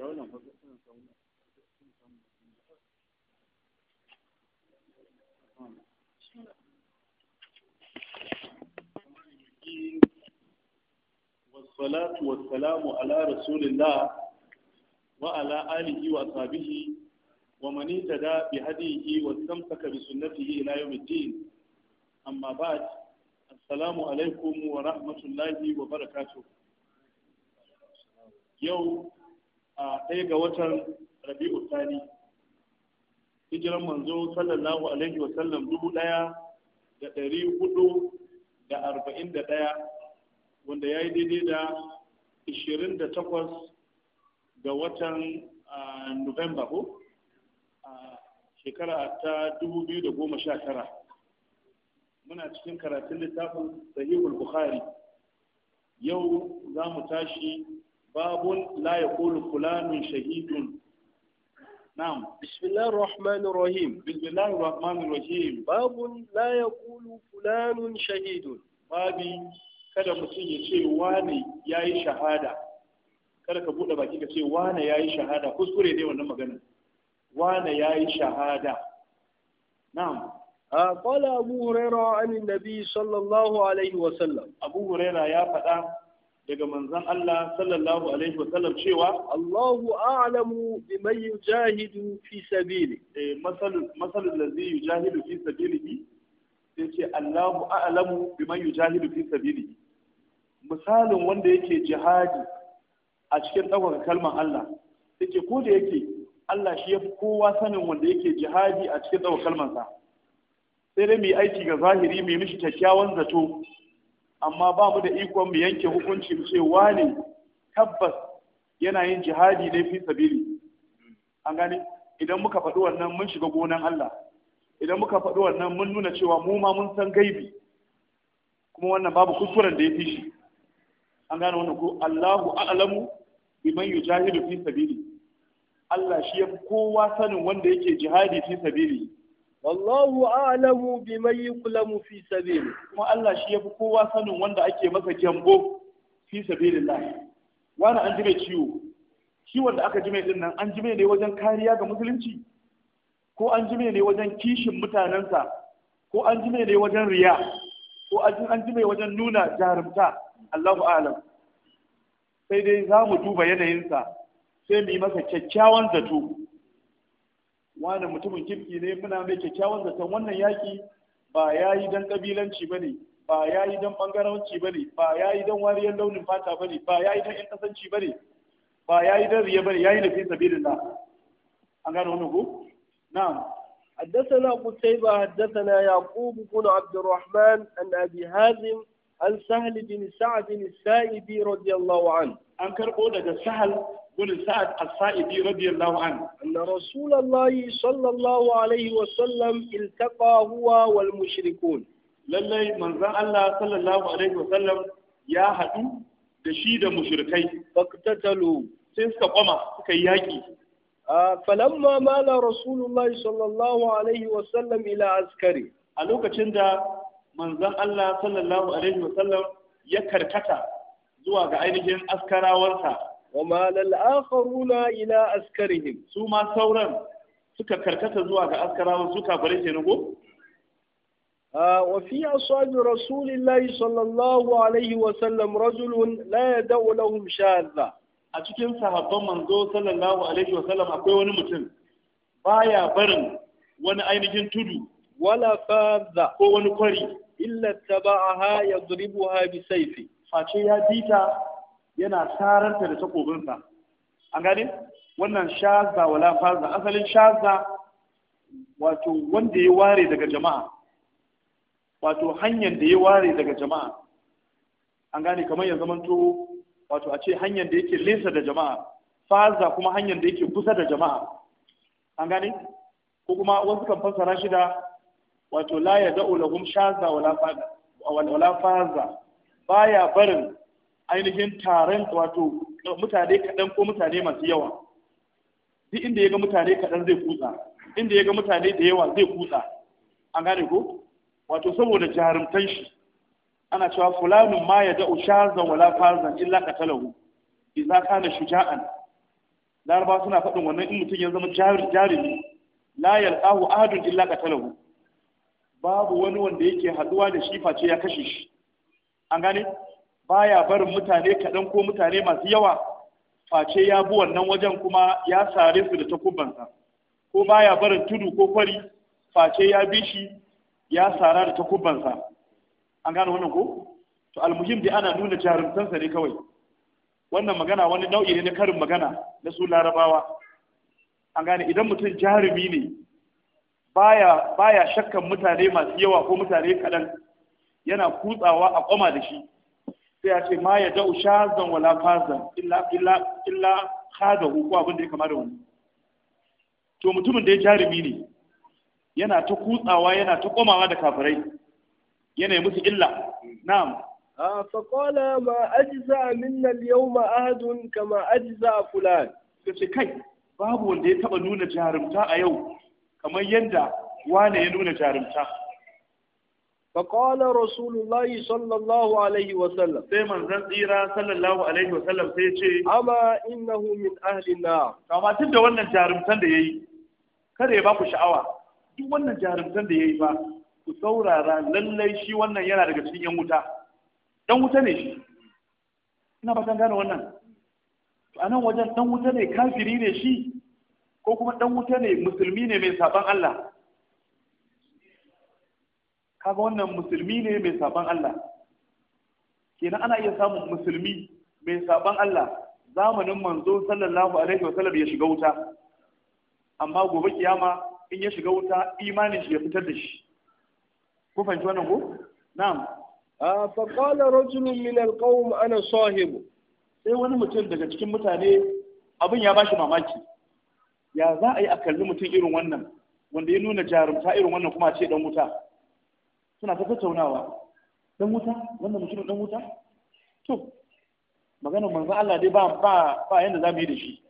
Yau nan ba zai tsanar da zaune a cikin zama da kuma kwasa da zama. Wani muhimmiyar wasu balatu wasu salama a Larasunin La'a, wa ala'alihi wa sabbihi, wa mani ta daɓi hadihihi wa samfaka da wa ra'amatullahi wa Yau. a ɗaya ga watan rabi'u tani hijiran manzo sallallahu alaihi wa sallam dubu ɗaya da ɗari hudu da arba'in da ɗaya wanda ya yi daidai da ishirin da takwas ga watan Nuvemba ko shekara ta dubu biyu da goma sha tara muna cikin karatun littafin sahihul bukhari yau za mu tashi باب لا يقول فلان شهيد نعم بسم الله الرحمن الرحيم بسم الله الرحمن الرحيم باب لا يقول فلان شهيد babi kada mutum ya ce wane ya yi shahada kada ka buɗe baki ka ce wane ya yi shahada kuskure dai wannan magana wane ya yi shahada na'am قال أبو هريرة عن النبي nabi sallallahu alaihi wasallam abu huraira ya فتاة daga manzon Allah sallallahu alaihi wa sallam cewa Allahu a'lamu biman yujahidu fi sabili eh masal masal allazi yujahidu fi sabilihi sai ce Allahu a'lamu biman yujahidu fi sabilihi misalin wanda yake jihadi a cikin ɗaukar kalmar Allah yake ko da yake Allah shi ya fi kowa sanin wanda yake jihadi a cikin ɗaukar kalmarsa sai dai mu yi aiki ga zahiri mu yi mishi kyakkyawan zato amma ba mu da ikon mu yanke hukunci mu ce wani tabbas yana yin jihadi ne fi sabili an gane idan muka faɗi wannan mun shiga gonan Allah idan muka faɗi wannan mun nuna cewa mu ma mun san gaibi kuma wannan babu kuskuren da ya fi shi an gane wannan ko Allahu a'lamu biman yujahidu fi sabili Allah shi ya kowa sanin wanda yake jihadi fi sabili wallahu a'lamu biman yuklamu fi sabil kuma Allah shi yafi kowa sanin wanda ake masa gyambo fi sabilillah wani an ji ciwo ciwon da aka ji dinnan an ji ne wajen kariya ga musulunci ko an ji ne wajen kishin mutanensa ko an ji ne wajen riya ko an ji mai wajen nuna jarumta Allahu a'lam sai dai za mu duba yanayinsa sai mu yi masa kyakkyawan zato wani mutumin kirki ne muna mai kyakkyawan zaton wannan yaƙi? ba ya yi don ƙabilanci ba ne ba ya yi don ɓangaranci ba ne ba ya yi don wariyar launin fata ba ne ba ya yi don ƴan ƙasanci ba ne ba ya yi don riya ba ne ya yi nufin sabilin na an gano wannan ko na'am حدثنا قتيبة حدثنا يعقوب بن عبد الرحمن عن أبي هازم عن سهل بن سعد السائبي رضي الله عنه أنكر أولا سهل wani sa’ad al-sa’idi radiyallahu an. Na Rasulallahi sallallahu alaihi wa sallam iltaƙa huwa mushrikun. Lallai manzan Allah sallallahu alaihi wa sallam ya haɗu da shi da mushrikai. Faktatalu. Sai suka koma suka yi yaƙi. Falamma mala Rasulullahi sallallahu alaihi wa sallam ila askari. A lokacin da manzan Allah sallallahu alaihi wa sallam ya karkata zuwa ga ainihin askarawarsa. wa malal akharuna ila askarihim su ma sauran suka karkata zuwa ga askarawa suka bare shi ne ko wa fi ashabi rasulillahi sallallahu alaihi wa sallam rajulun la yad'u lahum a cikin sahabban manzo sallallahu alaihi wa sallam akwai wani mutum baya barin wani ainihin tudu wala fadha ko wani kwari illa taba'aha yadribuha bi sayfi face ya yana sararta da takobinsa an gane wannan shaza wala faza asalin shaza wato wanda ya ware daga jama'a wato hanyar da ya ware daga jama'a an gane kamar ya zamanto wato a ce hanyar da yake lesa da jama'a faza kuma hanyar da yake kusa da jama'a an gane ko kuma wasu kan fassara shi da wato la ya da'u lahum shaza wala faza wala faza baya barin ainihin taron wato mutane kaɗan ko mutane masu yawa duk inda ya ga mutane kaɗan zai kutsa inda ya ga mutane da yawa zai kutsa an gane ko wato saboda jarumtan shi ana cewa fulanin ma ya da'u shazan wala farzan illa qatalahu idza kana shuja'an laraba suna faɗin wannan in mutum ya zama jari jarumi la yalqahu ahadun illa qatalahu babu wani wanda yake haduwa da shi face ya kashe shi an gane baya barin mutane kaɗan ko mutane masu yawa face ya bi wannan wajen kuma ya sare su da takubansa ko baya barin tudu ko kwari face ya bi shi ya sara da takubansa an gane wannan ko to almuhim da ana nuna jarumtansa ne kawai wannan magana wani nau'i ne na karin magana na su larabawa an gane idan mutum jarumi ne baya baya shakkan mutane masu yawa ko mutane kaɗan yana kutsawa a kwama da shi sai a ce ma ya da'u shazan wala fazan illa illa illa abin da ya kama wani to mutumin da ya jarumi ne yana ta kutsawa yana ta komawa da kafirai yana yi musu illa na'am فقال ما أجزاء منا اليوم أحد كما fulan ta kace kai babu wanda ya taɓa nuna jarumta a yau kamar yadda wane ya nuna jarumta فقال رسول الله صلى الله عليه وسلم سي من زن صلى الله عليه وسلم سي اما انه من اهل النار فما تبدا wannan jarumtan da yayi kare ba ku sha'awa duk wannan jarumtan da yayi ba ku saurara lallai shi wannan yana daga cikin yan wuta dan wuta ne shi ina ba gane wannan to anan wajen dan wuta ne kafiri ne shi ko kuma dan wuta ne musulmi ne mai saban Allah kaga wannan musulmi ne mai saban Allah kenan ana iya samun musulmi mai saban Allah zamanin manzo sallallahu alaihi wa sallam ya shiga wuta amma gobe kiyama in ya shiga wuta imanin shi ya fitar da shi ku fahimci wannan ko na'am fa qala rajulun min alqawm ana sahibu sai wani mutum daga cikin mutane abin ya bashi mamaki ya za a yi a kalli mutum irin wannan wanda ya nuna jarumta irin wannan kuma a ce dan wuta suna ta tattaunawa dan wuta wannan mutumin dan wuta to maganar manzo Allah dai ba ba ba yanda za mu yi da shi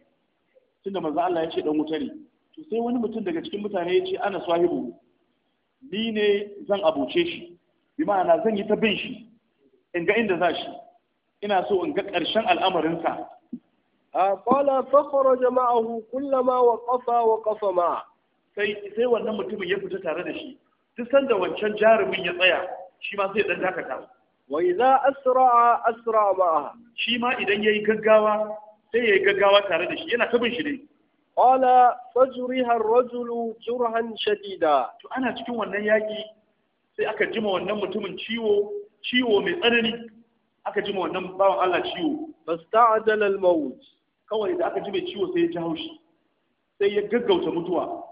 tunda manzo Allah ya ce dan wuta ne to sai wani mutum daga cikin mutane ya ce ana sahibu ni ne zan abuce shi bi ma'ana zan yi ta bin shi in ga inda za shi ina so in ga ƙarshen al'amarinsa qala kharaja ma'ahu kullama waqafa waqafa ma sai sai wannan mutumin ya fita tare da shi duk sanda wancan jarumin ya tsaya shi ma sai dan dakata wa idza asra asra ba? shi ma idan yayi gaggawa sai yayi gaggawa tare da shi yana ta bin shi ne. qala fajriha ar-rajulu jurhan shadida to ana cikin wannan yaki sai aka jima wannan mutumin ciwo ciwo mai tsanani aka jima wannan bawan Allah ciwo fasta'dala al-maut kawai da aka jima ciwo sai ya ji haushi sai ya gaggauta mutuwa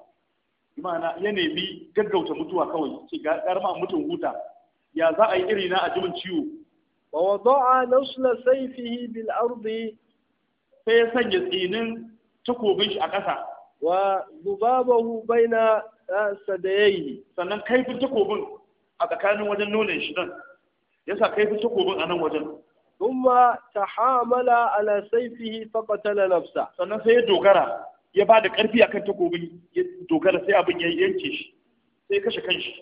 imana ya nemi gaggauta mutuwa kawai ce ga ma mutum huta ya za a yi iri na a jimin ciwo wa wada'a nasla sayfihi bil ardi sai ya sanya tsinin takobin shi a ƙasa wa da baina ah, sadayayi sannan kaifin takobin a tsakanin wajen nonon shi nan yasa kaifin takobin a nan wajen ثم تحامل على سيفه فقتل نفسه sannan sai ya dogara ya ba da ƙarfi akan takobin ya dogara sai abin ya yanke shi sai kashe kanshi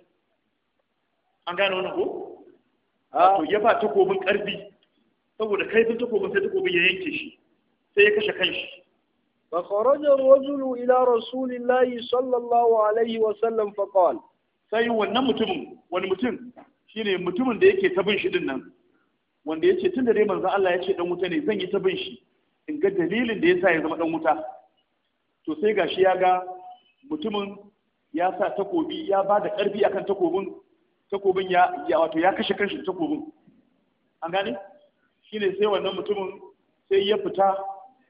an gane wani ko ah. to ya ba takobin ƙarfi saboda kaifin takobin sai takobin ya yanke shi sai ya kashe kanshi فخرج الرجل ila رسول الله صلى الله عليه وسلم فقال sai wannan mutumin wani mutum shine mutumin da yake tabin shi dinnan wanda yace tunda dai manzon Allah yace dan wuta ne zan yi tabin shi in ga dalilin da yasa ya zama dan wuta to sai shi ya ga mutumin ya sa takobi ya ba da ƙarfi akan takobin takobin ya wato ya kashe kanshi takobin an gane shine sai wannan mutumin sai ya fita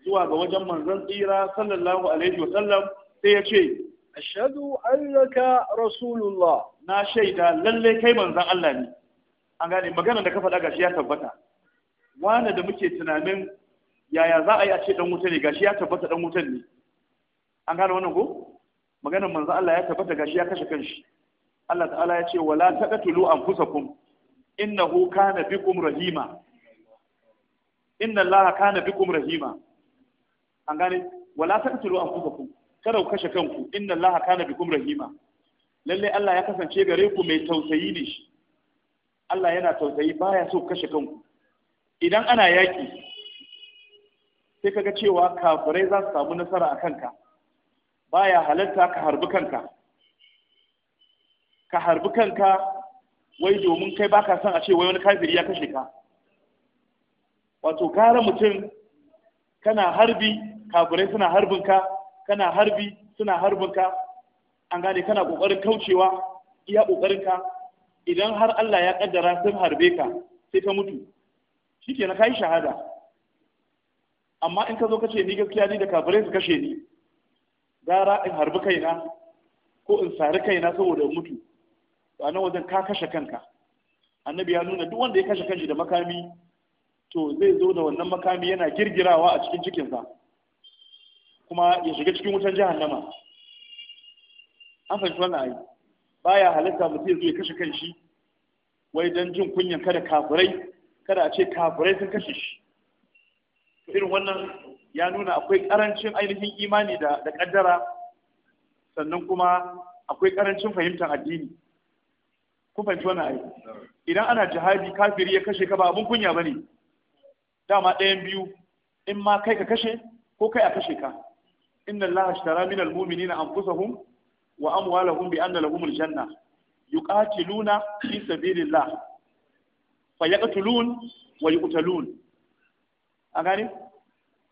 zuwa ga wajen manzon tsira sallallahu alaihi wa sallam sai ya ce ashhadu annaka rasulullah na shaida lalle kai manzon Allah ne an gane magana da ka faɗa gashi ya tabbata wanda da muke tunanin yaya za a yi a ce dan wuta ne gashi ya tabbata dan wuta ne an gane wannan ko maganar manzo Allah ya tabbata gashi ya kashe kanshi Allah ta'ala ya ce wala taqtulu anfusakum innahu kana bikum rahima inna Allah kana bikum rahima an gane wala taqtulu anfusakum kada ku kashe kanku inna Allah kana bikum rahima lalle Allah ya kasance gare ku mai tausayi ne shi Allah yana tausayi baya so kashe kanku idan ana yaki sai kaga cewa kafirai za su samu nasara a kanka baya halatta ka harbi kanka ka harbi kanka wai domin kai baka son a ce wai wani kafiri ya kashe ka wato gara mutum kana harbi kafirai suna harbin ka kana harbi suna harbin ka an gane kana kokarin kaucewa iya kokarin ka idan har Allah ya kaddara sun harbe ka sai ka mutu shikenan kai shahada amma in ka zo ka ce ni gaskiya ni da kafirai su kashe ni gara in harbi kaina ko in sari kaina saboda mutu a nan wajen ka kashe kanka annabi ya nuna duk wanda ya kashe kanshi da makami to zai zo da wannan makami yana girgirawa a cikin cikinsa kuma ya shiga cikin wutan jahannama an fahimci wannan ayi baya halitta mutum ya zo ya kashe kanshi wai don jin kunyan kada kafurai kada a ce kafurai sun kashe shi irin wannan ya nuna akwai karancin ainihin imani da da sannan kuma akwai ƙarancin fahimtar addini ku fahimci wannan ai idan ana jihadi kafiri ya kashe ka ba abun kunya bane dama ɗayan biyu in ma kai ka kashe ko kai a kashe ka inna allaha ashtara min almu'minina anfusahum wa amwalahum bi anna lahumul janna yuqatiluna fi sabilillah fayaqtulun wa yuqtalun a gane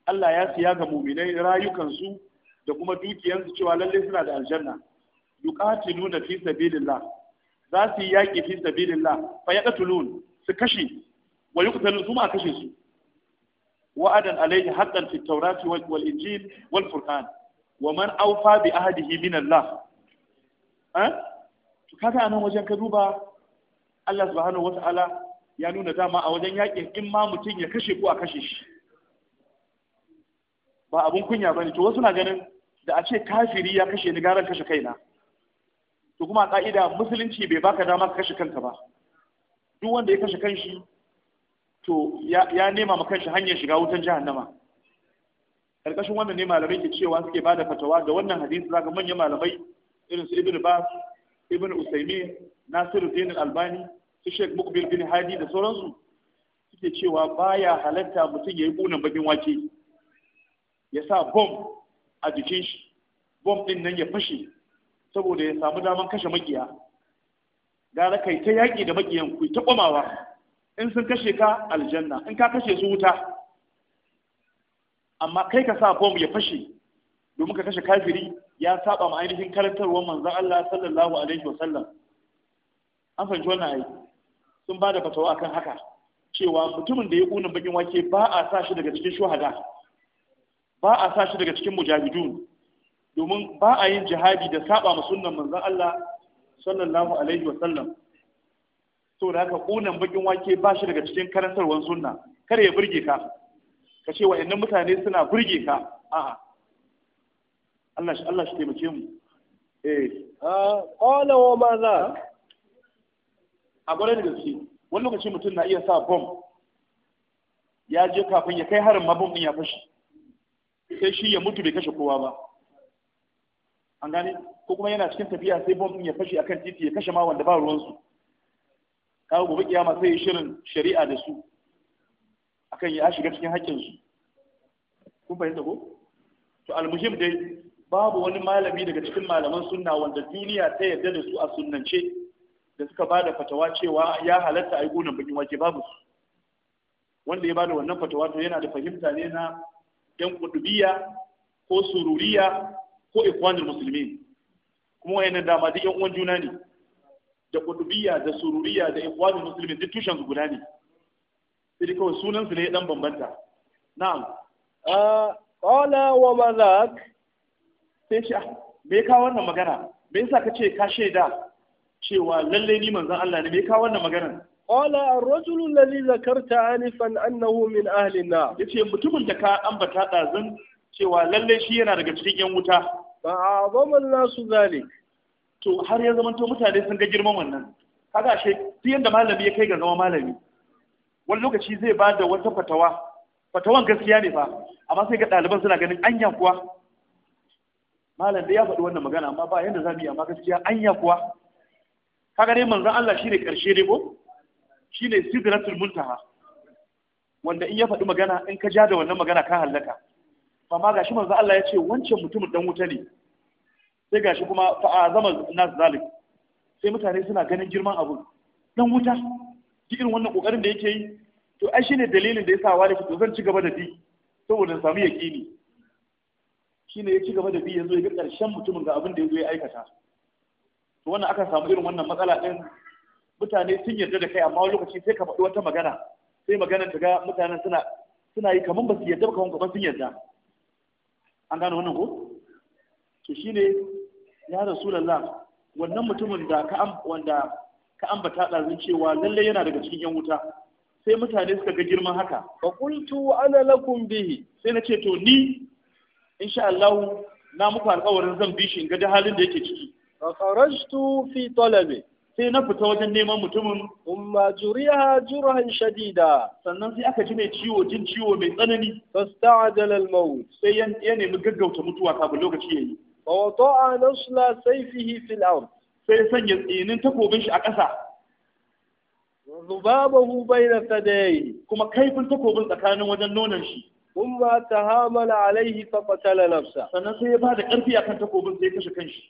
Allah ya siya ga muminai rayukansu da kuma dukiyansu cewa lallai suna da aljanna yuqatiluna fi sabilillah za su yi yaƙi fi sabilillah fa yaqtulun su kashe wa yuqtalu kuma a kashe su wa'adan alayhi haqqan fi tawrati wal injil wal furqan wa man awfa bi ahdihi min Allah eh to kaga anan wajen ka duba Allah subhanahu wata'ala ya nuna dama a wajen yakin in ma mutum ya kashe ko a kashe shi ba abun kunya bane to wasu na ganin da a ce kafiri ya kashe ni garan kashe kaina to kuma ka'ida musulunci bai baka dama ka kashe kanka ba duk wanda ya kashe kanshi to ya nema ma kanshi hanyar shiga wutan jahannama karkashin wannan ne malamai ke cewa suke ba da fatawa da wannan hadisi zaka manyan malamai irin su ibn bas ibn usaimin nasiru dinin albani su sheikh mukbil bin hadi da sauransu suke cewa baya halatta mutum ya yi kunan babin wake ya sa bom a jikin shi bom ɗin nan ya fashe saboda ya samu daman kashe makiya gara kai ta yaƙi da makiyan ku ta ƙwamawa in sun kashe ka aljanna in ka kashe su wuta amma kai ka sa bom ya fashe domin ka kashe kafiri ya saba ma ainihin karantarwar manzon Allah sallallahu alaihi wasallam an fahimci wannan ai sun ba da fatawa akan haka cewa mutumin da ya ƙuna bakin wake ba a sa shi daga cikin shuhada ba a sa shi daga cikin mujahidun domin ba a yin jihadi da saba ma sunnan manzon Allah sallallahu alaihi wasallam to da haka kunan bakin wake ba shi daga cikin karantarwar sunna kar ya burge ka ka ce wa'annan mutane suna burge ka a'a Allah shi Allah shi taimake mu eh a ah, qala wa ma za a gwarar da gaske wani lokaci mutum na iya sa bomb ya je kafin ya kai harin mabom ya fashi sai shi ya mutu bai kashe kowa ba an gane ko kuma yana cikin tafiya sai bom ya fashe akan titi ya kashe ma wanda ba ruwansu kawo gobe kiyama sai ya shirin shari'a da su akan ya shiga cikin haƙƙinsu kun fahimta ko to almuhim dai babu wani malami daga cikin malaman sunna wanda duniya ta yarda da su a sunnance da suka ba da fatawa cewa ya halatta a yi gonan bakin wake babu su wanda ya bada wannan fatawa to yana da fahimta ne na yan kudubiya ko sururiya ko ikwanul musulmin kuma wayannan dama duk yan uwan juna ne da kudubiya da sururiya da ikwanul musulmin duk tushen su guda ne sai dai kawai sunan su ne dan bambanta na'am qala wa malak sai sha ah, me ka wannan magana me yasa kace ka shaida cewa lalle ni manzon Allah ne me ka wannan magana قال الرجل الذي ذكرت آنفا أنه من أهل النار يتي متمن دكا أنبتا دازن cewa lallai shi yana daga cikin yan wuta ba a zaman nasu zalik to har ya zama to mutane sun ga girman wannan kaga ashe duk yanda malami ya kai ga zama malami wani lokaci zai ba da wata fatawa fatawan gaskiya ne ba, amma sai ga ɗaliban suna ganin anya kuwa malam dai ya faɗi wannan magana amma ba yadda za mu yi amma gaskiya anya kuwa kaga dai manzon Allah shi ne karshe ne ko Shi ne sidratul muntaha wanda in ya faɗi magana in ka ja da wannan magana ka hallaka amma shi manzo Allah ya ce wancan mutumin dan wuta ne sai gashi kuma fa azama nas zalik sai mutane suna ganin girman abu dan wuta duk irin wannan kokarin da yake yi to ai shine dalilin da yasa wani to zan ci gaba da bi saboda samu yaqini shine ya ci gaba da bi yanzu ya ga karshen mutumin ga abin da yazo ya aikata to wannan aka samu irin wannan matsala din mutane sun yarda da kai amma wani lokaci sai ka faɗi wata magana sai maganar ta ga mutanen suna suna yi kamar ba su yarda ba gaban sun yarda an gane wannan ko to shine ya rasulullah wannan mutumin da ka am wanda ka ambata ɗazin cewa lalle yana daga cikin yan wuta sai mutane suka ga girman haka fa qultu ana lakum bihi sai na ce to ni insha Allah na muku alƙawarin zan bi shi in ga halin da yake ciki fa kharajtu fi talabi sai na fita wajen neman mutumin umma juriya jurhan shadida sannan sai aka ji mai ciwo jin ciwo mai tsanani fasta'ajal al-maut sai ya nemi gaggauta mutuwa kafin lokaci yayi fa wata'a nasla sayfihi fil ard sai sanya tsinin takobin shi a ƙasa zubabahu bayna sadai kuma kaifin takobin tsakanin wajen nonon shi umma tahamala alaihi fa qatala nafsa sannan sai ya bada karfi akan takobin sai ya kashe kanshi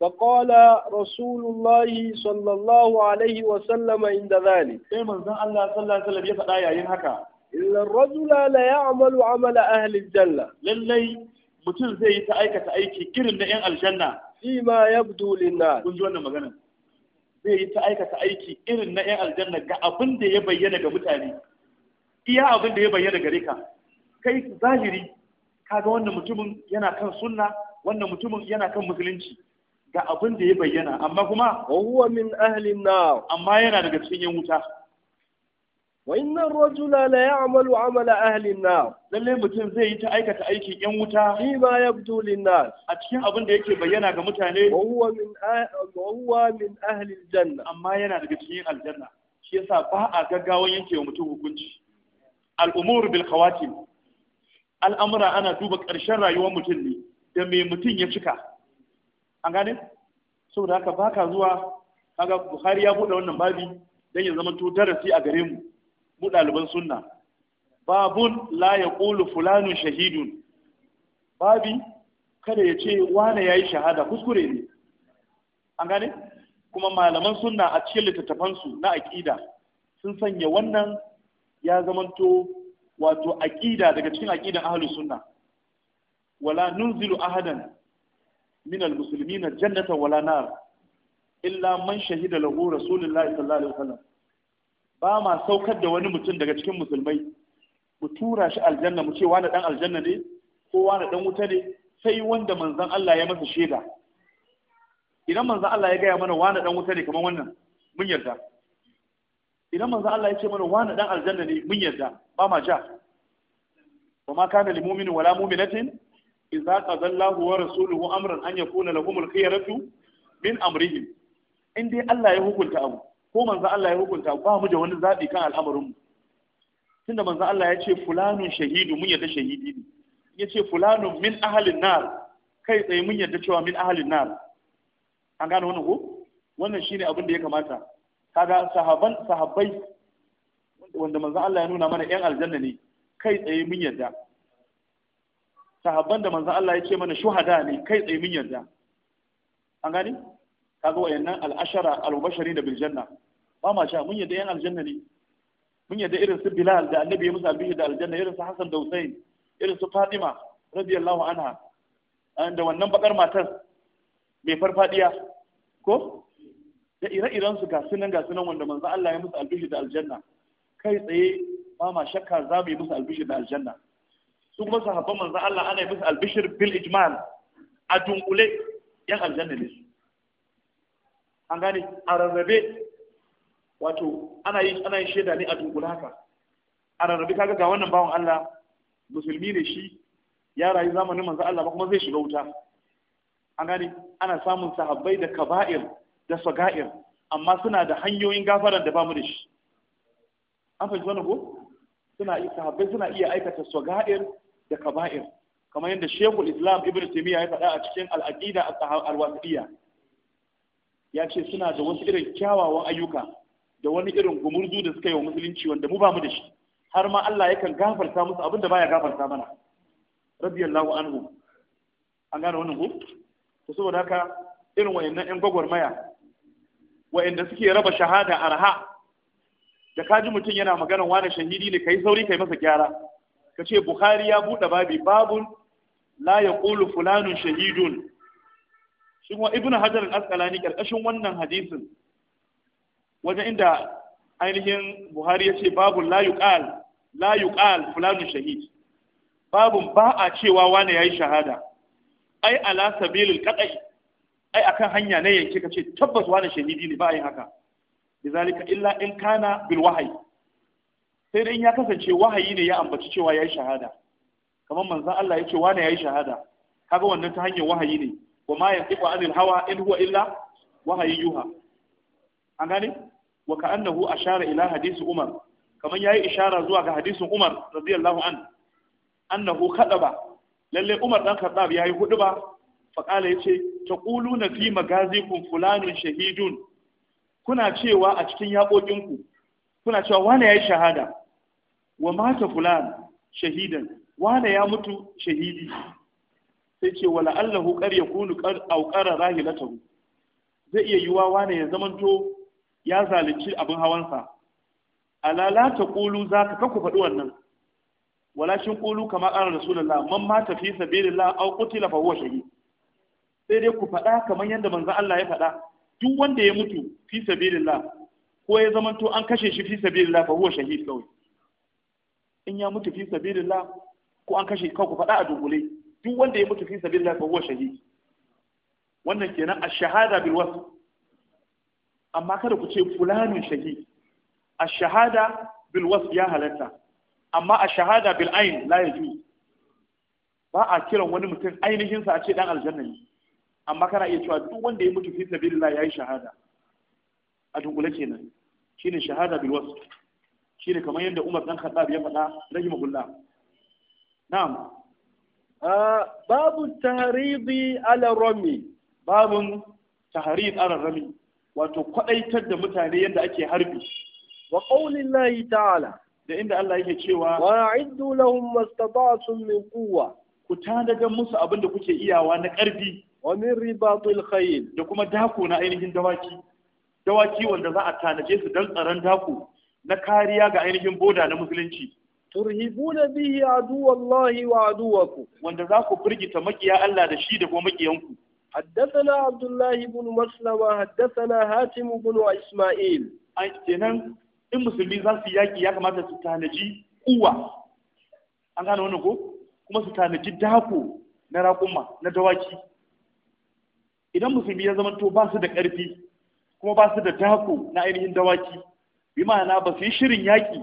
فقال رسول الله صلى الله عليه وسلم عند ذلك sai manzon Allah sallallahu alaihi wasallam ya faɗa yayin haka illa rajula la ya'malu amala ahli aljanna lallai mutum zai yi ta aikata aiki kirin na yan aljanna fi ma yabdu linnas kun ji wannan magana zai yi ta aikata aiki irin na yan aljanna ga abin da ya bayyana ga mutane iya abin da ya bayyana gare ka kai zahiri kaga wannan mutumin yana kan sunna wannan mutumin yana kan musulunci ga abin da ya bayyana amma kuma wa huwa min ahli nar amma yana daga cikin yan wuta wa inna rajula la ya'malu 'amala ahli nar lalle mutum zai yi ta aikata aikin yan wuta fi ma yabdu lin-nas a cikin abin da yake bayyana ga mutane wa huwa min wa huwa min ahli janna amma yana daga cikin aljanna shi yasa ba a gaggawan yanke wa mutum hukunci al-umur bil khawatim al'amura ana duba ƙarshen rayuwar mutum ne da me mutum ya cika an gane saboda haka baka zuwa kaga Buhari ya buɗe wannan babi dan ya zama darasi a gare mu mu ɗaliban sunna babun la yaqulu fulanun shahidun babi kada ya ce wane yayi shahada kuskure ne an gane kuma malaman sunna a cikin littattafansu na aƙida sun sanya wannan ya zamanto wato aƙida daga cikin aƙidan ahlus sunna wala nunzilu ahadan min al-muslimin jannata wala nar illa man shahida lahu rasulullahi sallallahu alaihi wasallam ba ma saukar da wani mutum daga cikin musulmai mu tura shi aljanna mu ce wani dan aljanna ne ko wani dan wuta ne sai wanda manzon Allah ya masa shaida idan manzon Allah ya gaya mana wani dan wuta ne kamar wannan mun yarda idan manzon Allah ya ce mana wani dan aljanna ne mun yarda ba ma ja wa ma kana lil wala mu'minatin idza qadallahu wa rasuluhu amran an yakuna lahumul khiyaratu min amrihim in dai Allah ya hukunta abu ko manzo Allah ya hukunta ba mu da wani zabi kan al'amarin mu tunda manzo Allah ya ce fulanun shahidu mun yadda shahidi ne ya ce fulanun min ahalin nar kai tsaye mun yadda cewa min ahalin nar an gane wannan ko wannan shine abin da ya kamata kaga sahaban sahabbai wanda manzo Allah ya nuna mana yan aljanna ne kai tsaye mun yadda sahabban da manzan Allah ya ce mana shuhada ne kai tsaye mun yarda an gani Ka kaga wayannan al'ashara al da biljanna ba ma sha mun yarda yan aljanna ne mun yarda irin su Bilal da Annabi ya musa bihi da aljanna irin su Hassan da Hussein irin su Fatima radiyallahu anha da wannan bakar matar mai farfadiya ko da ire-iren su ga sunan ga sunan wanda manzo Allah ya musu albishi da aljanna kai tsaye ba ma shakka za mu yi musu albishi da aljanna su kuma sahabban manzon Allah ana yi musu albishir bil ijmal a dunkule yan aljanna ne su an gane a rarrabe wato ana yi ana yi shaida ne a dunkule haka a rarrabe kaga ga wannan bawan Allah musulmi ne shi ya rayu zamanin manzon Allah ba kuma zai shiga wuta an gane ana samun sahabbai da kaba'ir da saga'ir amma suna da hanyoyin gafaran da ba mu da shi an fahimci wannan ko suna sahabbai suna iya aikata saga'ir da kaba'ir kamar yadda shekul islam ibn taimiyya ya faɗa a cikin al'aqida al-wasiliya ya ce suna da wasu irin kyawawan ayyuka da wani irin gumurzu da suka yi wa musulunci wanda mu ba mu da shi har ma Allah yakan gafarta musu abin da baya gafarta mana radiyallahu anhu an gane wannan ko to saboda haka irin wayannan yan gwagwarmaya wayanda suke raba shahada arha da kaji mutum yana magana wani shahidi ne kai sauri kai masa gyara ka ce bukhari ya buɗe babi babun la ya ƙulu fulanun shahidun shi kuma ibn hajar al-asqalani karkashin wannan hadisin wajen inda ainihin buhari ya ce babun la yuqal la yuqal fulanun shahid babun ba a cewa wane yayi shahada ai ala sabilil qat'i ai akan hanya ne yake kace tabbas wani shahidi ne ba yin haka bizalika illa in kana bil wahyi sai dai ya kasance wahayi ne ya ambaci cewa ya yi shahada kamar manzan Allah ya ce wane ya yi shahada kaga wannan ta hanyar wahayi ne wa ma yantiqu anil hawa in huwa illa wahayi yuha an gane wa ka'annahu ashara ila hadisi umar kamar ya yi ishara zuwa ga hadisin umar radiyallahu an annahu kadaba lalle umar dan kadab yayi huduba fa kala yace taquluna fi magazikum fulanun shahidun kuna cewa a cikin yaƙoƙinku kuna cewa wane ya yi shahada wa mata fulan shahidan wane ya mutu shahidi sai ce wala allahu qad yakunu qad aw rahilatahu zai iya yiwa wane ya to ya zalunci abin hawansa ala la taqulu za ka ku faɗi wannan walakin qulu kama qala rasulullah man mata fi sabilillah aw qutila fa huwa shahid sai dai ku faɗa kamar yadda manzon Allah ya faɗa duk wanda ya mutu fi sabilillah ko ya zamanto an kashe shi fi sabilillah fa huwa shahid kawai in ya mutu fi sabilillah ko an kashe ku faɗa a dunkule duk wanda ya mutu fi sabilillah fa huwa shahid wannan kenan ash-shahada bil wasf amma kada ku ce fulanun shahid ash-shahada bil wasf ya halatta amma ash-shahada bil ayn la yajuz ba a kiran wani mutum ainihin sa a ce dan aljanna ne amma kana iya cewa duk wanda ya mutu fi sabilillah yayi shahada a dunkule kenan shine shahada bil wasf shine kamar yadda Umar dan Khattab ya faɗa gulla. na'am babu tahridi ala rami babun tahrid ala rami wato kwadaitar da mutane yadda ake harbi wa qaulillahi ta'ala da inda Allah yake cewa a'iddu lahum mastata'tum min quwwa ku tanadar musu abinda kuke iyawa na ƙarfi wa min ribatil khayl da kuma dako na ainihin dawaki dawaki wanda za a tanaje su dan tsaron dako na kariya ga ainihin boda na musulunci turhibuna bihi aduwallahi wa ku? wanda za ku firgita makiya Allah da shi da kuma makiyanku حدثنا Abdullahi الله Maslama, haddasana Hatimu bin isma'il اسماعيل kenan in musulmi za su yaƙi ya kamata su tanaji uwa an gane wannan ko kuma su tanaji dako na raƙuma na dawaki idan musulmi ya zama to ba su da ƙarfi kuma ba su da dako na ainihin dawaki bi ma'ana ba su yi shirin yaƙi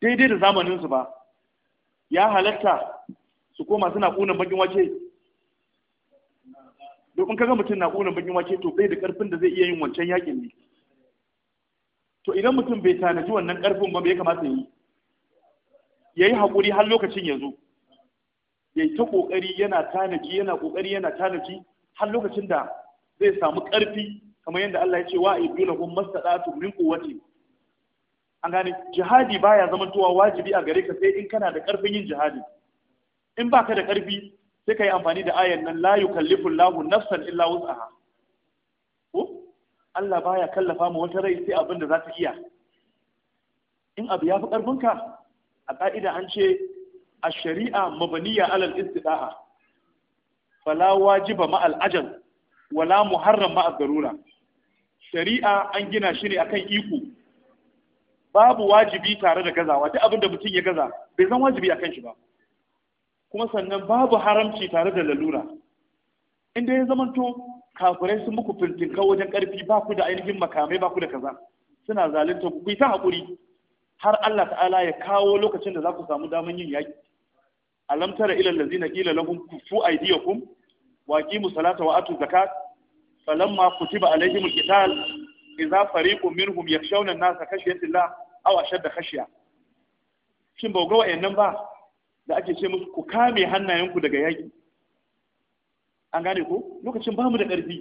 daidai da zamaninsu ba ya halatta su koma suna ƙunan bakin wace dokun kaga mutum na ƙunan bakin wace to bai da ƙarfin da zai iya yin wancan yaƙin ne to idan mutum bai tanaji wannan ƙarfin ba bai kamata yi ya yi haƙuri har lokacin ya zo ya ta ƙoƙari yana tanaji yana ƙoƙari yana tanaji har lokacin da zai samu ƙarfi kamar yadda Allah ya ce wa ibnu lahum min quwwati an gane jihadi baya zamantowa wajibi a gare ka sai in kana da karfin yin jihadi in baka da karfi sai ka yi amfani da ayan nan la yukallifu Allahu nafsan illa wus'aha ko Allah baya kallafa mu wata rai sai abin da za ta iya in abu ya fi ka a ka'ida an ce a shari'a mabaniya alal istida'a fala wajiba ma ajal wala muharram ma garura. shari'a an gina shi ne akan iko babu wajibi tare da gazawa duk abin da mutum ya gaza bai zan wajibi a shi ba kuma sannan babu haramci tare da lalura inda ya zama zamanto kafirai sun muku fintinka wajen karfi ba ku da ainihin makamai ba ku da kaza suna zalunta ku ta haƙuri har Allah ta'ala ya kawo lokacin da za ku samu daman yin yaƙi alam tara ila allazina qila lahum kufu aydiyakum wa aqimu salata wa atu zakat falamma kutiba alaihimul qital idza fariqun minhum yakhshawna an-nasa khashyata awa shadda khashiya shin ba ga wayannan ba da ake ce musu ku kame hannayenku daga yaki an gane ko lokacin ba mu da ƙarfi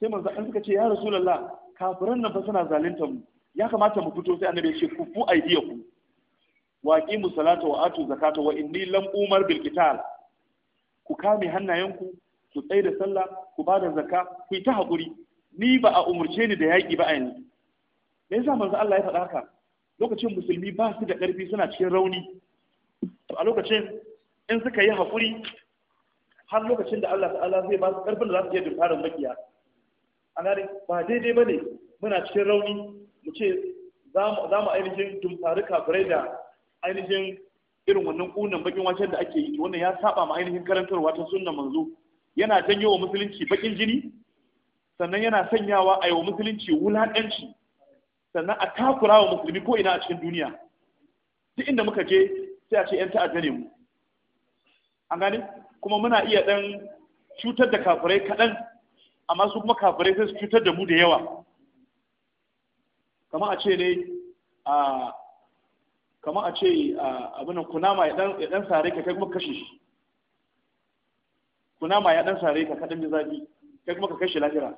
sai manzo an suka ce ya rasulullah kafiran nan fa suna zalunta mu ya kamata mu fito sai annabi ya ce ku fu aidiyakum wa aqimu salata wa atu zakata wa inni lam umar bil qital ku kame hannayenku ku tsaye da sallah ku ba da zakka ku yi ta haƙuri ni ba a umurce ni da yaƙi ba a yanzu me yasa manzo Allah ya faɗa haka lokacin musulmi ba su da ƙarfi suna cikin rauni to a lokacin in suka yi hakuri, har lokacin da Allah ta'ala zai ba su ƙarfin da za su iya dinkarin makiya a gane ba daidai ba ne muna cikin rauni mu ce za mu ainihin tumfari kafirai da ainihin irin wannan ƙunan bakin waken da ake yi wannan ya saba ma ainihin karantarwa ta sunnan manzo yana janyo wa musulunci bakin jini sannan yana sanyawa a yi wa musulunci wulaƙanci sannan a takura wa musulmi ko ina a cikin duniya duk inda muka je sai a ce yan ta'adda ne mu an gane kuma muna iya dan cutar da kafirai kaɗan amma su kuma kafirai sai su cutar da mu da yawa kamar a ce ne a kamar a ce abin kunama ya dan sare ka kai kuma kashe shi kunama ya dan sare ka kaɗan da zafi kai kuma ka kashe lahira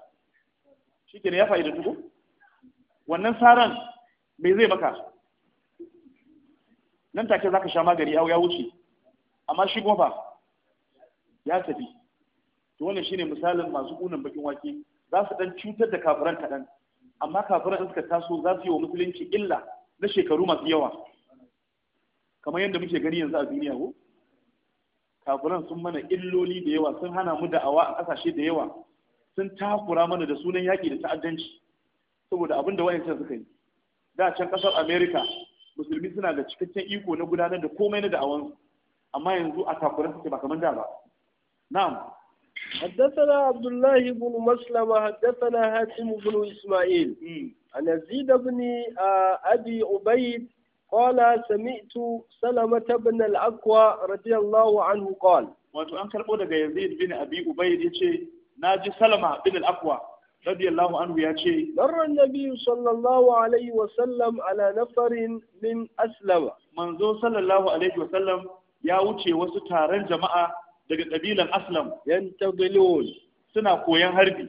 shi ya fa'ida tuko wannan tsaron me zai maka nan take ka sha magani ya wuce amma shi kuma ya tafi to wannan shine misalin masu kunan bakin wake za su dan cutar da kafiran kaɗan amma kafiran suka taso za su yi wa musulunci illa na shekaru masu yawa kamar yadda muke gani yanzu a duniya ko kafiran sun mana illoli da yawa sun hana mu da'awa a ƙasashe da yawa sun takura mana da sunan yaƙi da ta'addanci saboda abin da wayancan suka yi da can kasar america musulmi suna da cikakken iko na gudanar da komai na da'awansu amma yanzu a takura suke ba kamar da ba na'am حدثنا عبد الله بن مسلم حدثنا هاشم بن اسماعيل عن يزيد بن ابي عبيد قال سمعت سلمة بن الاقوى رضي الله عنه قال wato an karɓo daga Yazid bin ya ce na ji Salama bin al radiyallahu anhu ya ce darran nabiyyu sallallahu alaihi wa sallam ala nafarin min aslama manzo sallallahu alaihi wa sallam ya wuce wasu taron jama'a daga kabilan aslam yantadilun suna koyan harbi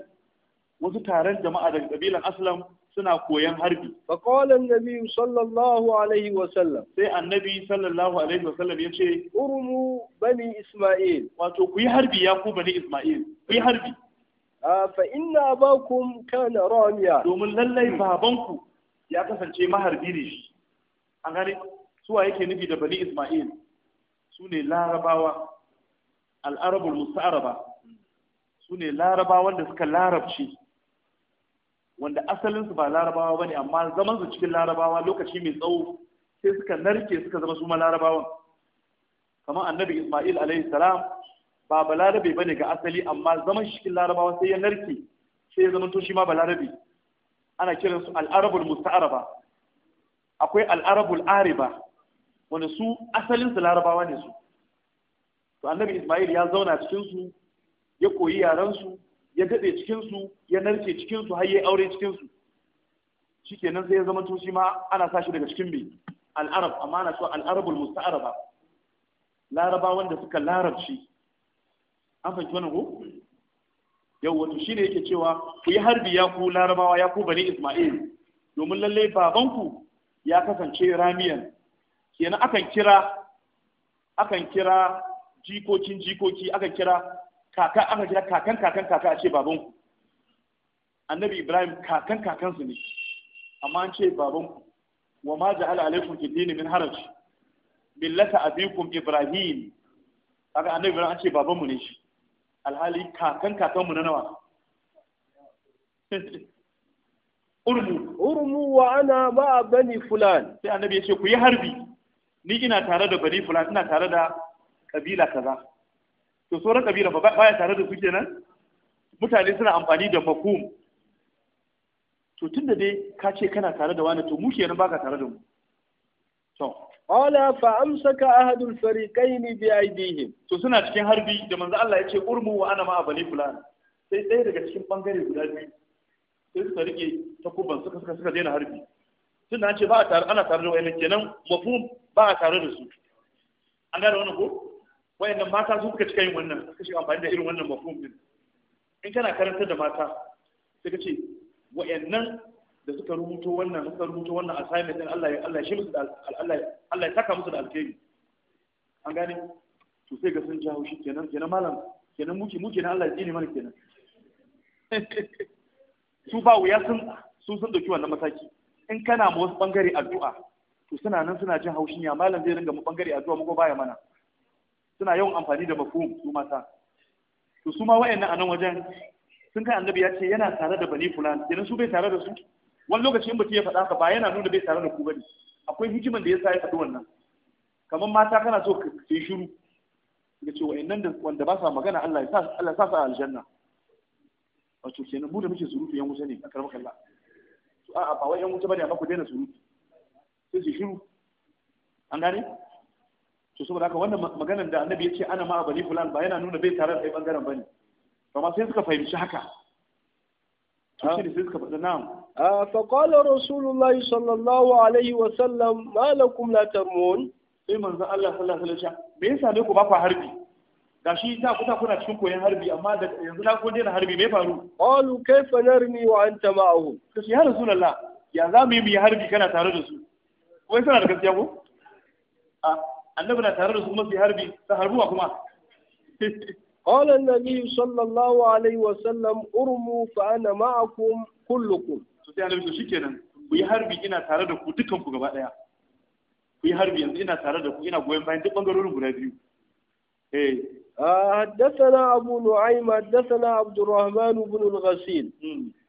wasu taron jama'a daga kabilan aslam suna koyan harbi fa qala an-nabi sallallahu alaihi wa sallam sai annabi sallallahu alaihi wa sallam yace urmu bani isma'il wato ku yi harbi ya ku bani isma'il ku yi harbi fa inna abakum kana ramiya domin lallai babanku ya kasance maharbi ne shi an gane suwa yake nufi da bani isma'il su ne larabawa al'arabul Musa'araba su ne larabawan da suka larabci wanda asalinsu ba larabawa ba ne amma zamansu cikin larabawa lokaci mai tsawo sai suka narke suka zama su ma larabawan kamar annabi isma'il alaihi salam ba balarabe bane ga asali amma zaman cikin larabawa sai ya narke sai ya zama to shi ma balarabe ana kiran su al'arabul musta'araba akwai al'arabul ariba wanda su asalin su larabawa ne su to annabi isma'il ya zauna cikin su ya koyi yaran su ya gabe cikin su ya narke cikin su har ya aure cikin su shikenan sai ya zama to shi ma ana sa shi daga cikin bi al'arab amma ana so al'arabul musta'araba larabawan da suka larabci an fahimci wannan ko yau wato shine yake cewa ku yi harbi ya ku larabawa ya ku bani isma'il domin lalle babanku ya kasance ramiyan kenan akan kira akan kira jikokin jikoki akan kira kaka akan kira kakan kakan kaka a ce babanku annabi ibrahim kakan kakansu ne amma an ce babanku wa ma ja'ala alaikum fi dini min haraj billata abikum ibrahim kaga annabi ibrahim an ce babanmu ne shi alhali kakan kakanmu na nawa urmu urmu wa ana ma bani fulan sai annabi ya ce ku yi harbi ni ina tare da bani fulan ina tare da kabila kaza to sauran kabila ba baya tare da su kenan mutane suna amfani da mafhum to tunda dai ka ce kana tare da wani to mu kenan baka tare da mu to Qala fa amsaka ahadul fariqain bi aydihim. To suna cikin harbi da manzo Allah ya ce urmu wa ana ma'a bani fulan. Sai ɗaya daga cikin ɓangare guda biyu sai suka rike takuban suka suka suka daina harbi. Tun da an ce ba a tare ana tare da wayannan kenan mafhum ba a tare da su. An gane wannan ko? Wayannan mata su suka cika yin wannan suka shiga amfani da irin wannan mafhum din. In kana karantar da mata sai ka ce wayannan da suka rubuto wannan suka rubuto wannan assignment din Allah ya Allah shi musu da Allah Allah ya saka musu da alkhairi an gane to sai ga sun jawo shi kenan kenan malam kenan muke muke na Allah ya tsine mana kenan su ba wuya sun su sun dauki wannan mataki in kana mu wasu bangare addu'a to suna nan suna jin haushin ya malam zai ringa mu bangare addu'a mu ko baya mana suna yawan amfani da mafhum su mata to su ma wayannan a nan wajen sun kai annabi ya ce yana tare da bani fulan kenan su bai tare da su wani lokaci mutum ya faɗa ka ba yana nuna bai tare da ku bane akwai hikiman da ya sa ya faɗi wannan kamar mata kana so ka yi shiru ya ce wa'annan da wanda ba sa magana Allah ya sa Allah sa su a aljanna wato kenan mu da muke surutu yan wuta ne a karamar kalla to a'a ba wai yan wuta bane amma ku daina surutu sai su shiru an gane to saboda haka wannan maganar da annabi ya ce ana ma abali fulan ba yana nuna bai tare da kai bangaren bane amma sai suka fahimci haka to shi ne sai suka faɗa na'am فقال رسول الله صلى الله عليه وسلم ما لكم لا ترمون sai manzo Allah sallallahu alaihi wasallam me yasa ne ku ba harbi gashi da ku ta kuna cikin na harbi me faru qalu kayfa narmi wa anta ma'ahu kace ya rasulullah ya za mu harbi kana tare da su wai suna da gaskiya ko a ah, na tare da su kuma su harbi ta harbuwa kuma قال النبي صلى الله عليه وسلم ارموا فانا معكم كلكم to sai annabi to shikenan ku yi harbi ina tare da ku dukan ku gaba daya ku yi harbi yanzu ina tare da ku ina goyon bayan duk bangarorin guda biyu eh حدثنا أبو نعيم حدثنا عبد الرحمن بن الغسيل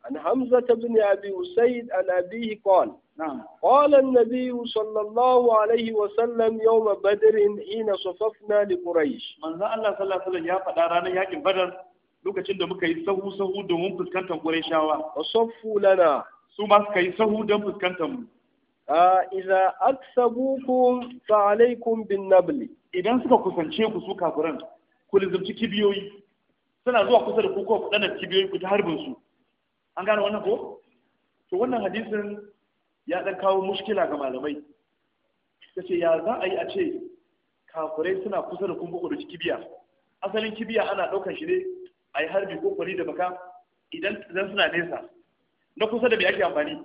عن حمزة بن أبي أسيد عن أبيه قال قال النبي صلى الله عليه وسلم يوم بدر حين صففنا لقريش من ذا الله صلى الله عليه وسلم يا فدارانا يا بدر lokacin da muka yi sahu sahu domin fuskantar Qurayshawa wasaffu lana su ma suka yi sahu don fuskantar mu ina aksabukum fa alaikum bin nabli idan suka kusance ku su kafiran ku lizumci kibiyoyi suna zuwa kusa da kuka ko ku dana kibiyoyi ku ta harbin su an gane wannan ko to wannan hadisin ya dan kawo mushkila ga malamai ce ya za a yi a ce kafirai suna kusa da kun bugu da kibiya asalin kibiya ana ɗaukar shi ne a yi harbi ko kwari da baka idan suna nesa na kusa da bai ake amfani